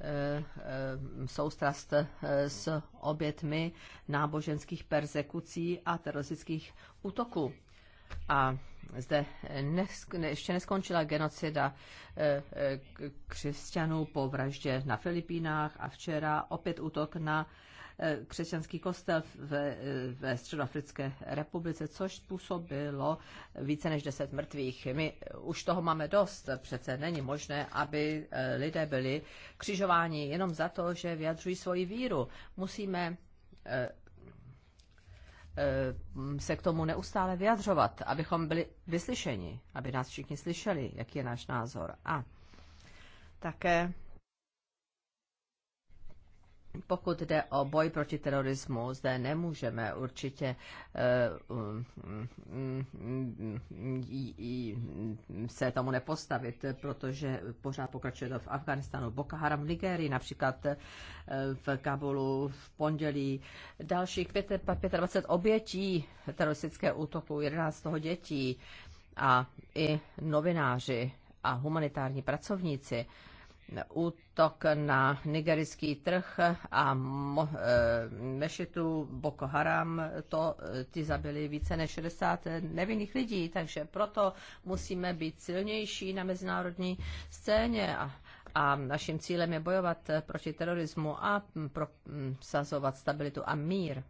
Eh, eh, soustrast eh, s obětmi náboženských persekucí a teroristických útoků. A zde nesk- ne, ještě neskončila genocida e, e, křesťanů po vraždě na Filipínách a včera opět útok na e, křesťanský kostel ve, ve Středoafrické republice, což způsobilo více než 10 mrtvých. My už toho máme dost, přece není možné, aby lidé byli křižováni jenom za to, že vyjadřují svoji víru. Musíme Eh, se k tomu neustále vyjadřovat, abychom byli vyslyšeni, aby nás všichni slyšeli, jaký je náš názor. A také pokud jde o boj proti terorismu, zde nemůžeme určitě eh, se tomu nepostavit, protože pořád pokračuje to v Afganistanu. Boko Haram v Nigerii, například eh, v Kabulu v pondělí. Dalších 25 obětí teroristické útoku, 11 toho dětí a i novináři a humanitární pracovníci útok na nigerický trh a mo, e, mešitu Boko Haram, to eh, ty zabili více než 60 nevinných lidí, takže proto musíme být silnější na mezinárodní scéně a, a naším cílem je bojovat eh, proti terorismu a mm, prosazovat mm, stabilitu a mír.